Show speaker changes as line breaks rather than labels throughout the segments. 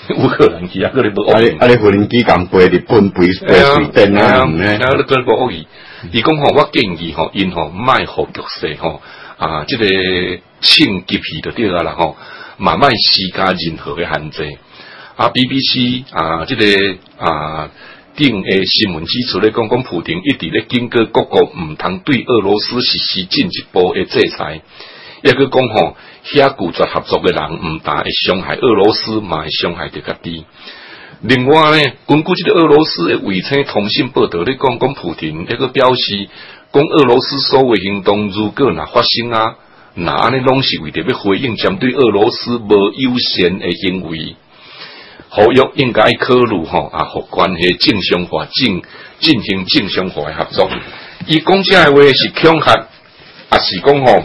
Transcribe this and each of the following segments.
烏克蘭啊，
無敢半半
伊講吼，我建議吼，因吼賣好角吼，啊，即，這個吉就對了啊啦吼，唔賣時任何嘅限制。啊，B B C 啊，即，這個啊，頂新聞指出咧，講講普京一直咧警告各國唔通對俄羅斯實施進一步嘅制裁，又去講吼。啊遐拒絕合作的人唔但會傷害俄羅斯，嘛會傷害自家滴。另外咧，根據即個俄羅斯嘅衛星通信報道咧，講講普京，一個表示，講俄羅斯所有行動如果哪發生啊，安咧攏是為着要回應針對俄羅斯無友善的行為，合約應該考慮哈啊，好關係正常化，進進行正常化嘅合作。伊講即個話是恐吓，抑是講吼。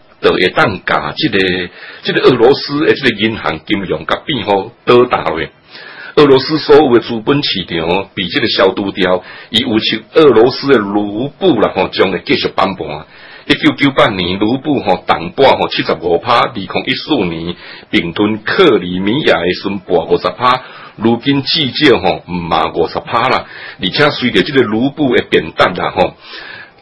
就下當搞即個，即、這個俄羅斯的即個銀行金融甲變好多大個？俄羅斯所有嘅資本市場、哦、比即個小度掉，以維持俄羅斯嘅盧布啦吼，將會繼續崩盤。一九九八年盧布吼、哦，淡半吼七十五趴，二零一四年，併吞克里米亞嘅時半五十趴，如今至少吼毋滿五十趴啦，而且隨着即個盧布嘅貶值啦吼。哦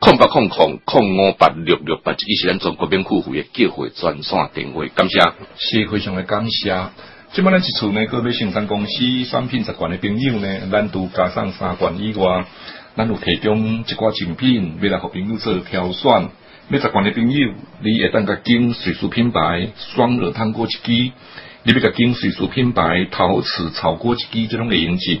控八控控控五八六六八，一是咱中國名酷富嘅機會轉送電話，感謝。是非常嘅感謝。今擺咱一厝內各位生產公司、選品習慣嘅朋友呢，咱都加上三罐以外，咱有提供一寡精品，未來互朋友做挑選。每習慣嘅朋友，你下當個金水素品牌雙耳湯鍋一支，你要個金水素品牌陶瓷炒鍋一支，這種嘅樣子。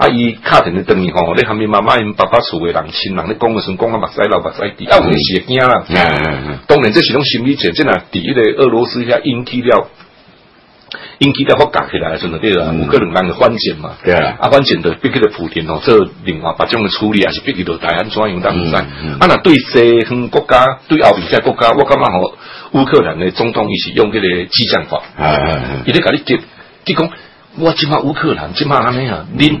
啊，伊卡定咧當面吼，我哋後媽媽因爸爸厝誒人親人，講誒時陣講、嗯、啊目屎流目屎滴，啊，有陣時嘅驚啦，嗯嗯，即是種心理症，真係佇迄個俄羅斯遐引起了引起了好架起嚟係真係啲啦。烏克蘭人嘅反鍵嘛、嗯，啊反鍵着逼迄要普京哦，做另外別種誒處理，係必須要睇下點樣，都唔使。啊，若對西方國家，對後邊嘅國家，我感覺吼烏克蘭誒總統伊是用迄個激將法、嗯，啊啊啊！而家激哋我即刻烏克蘭即刻安尼啊，恁。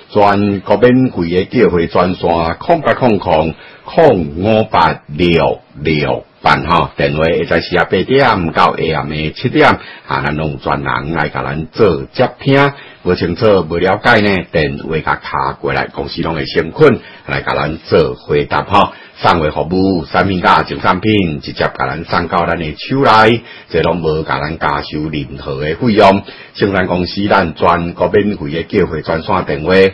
轉國賓貴嘅電話轉送啊，空八空空五八六六八號電話，一在四啊八點到哎啊每七點，啊，咱攏專人來甲咱做接聽，不清楚不了解呢，電話甲打過來，公司攏會先困來甲咱做回答哈。三維服務，產品加整產品，直接甲咱送到咱嘅手內，即攏無甲咱加收任何嘅費用。生產公司咱轉國賓貴嘅電話轉送電話。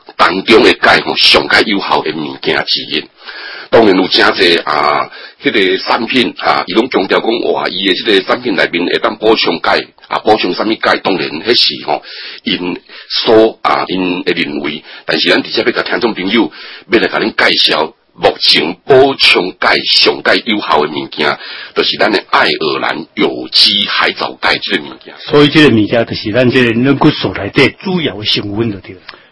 當中嘅鈣嗬上加有效嘅物件之一，當然有真多啊！佢個產品啊，伊攏強調講哇，伊嘅呢個產品內邊會當補充鈣啊，補充什麼鈣？當然係是嗬、哦，因所啊因嘅認為。但是，咱直接畀個聽眾朋友，要嚟同你介紹目前補充鈣上加有效嘅物件，就是咱嘅愛爾蘭有機海藻鈣即個物件。所以，呢個
物件就是，咱即個軟骨素，內面主要成分嗰啲。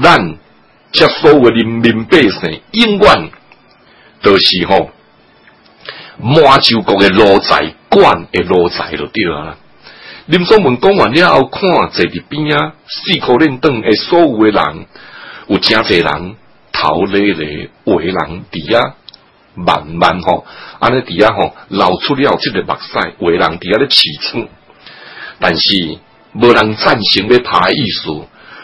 咱遮所有人民百姓永遠都是吼滿洲國嘅奴才、官嘅奴才就對啦。林爽文講完了後看，看坐佇邊啊，四顆連燈嘅所有嘅人，有真儕人頭咧咧，有的人佇啊，慢慢吼、哦，安尼佇啊吼，流出了即個目屎，有的人佇啊咧起嗆，但是無人贊成咧拍嘅意思。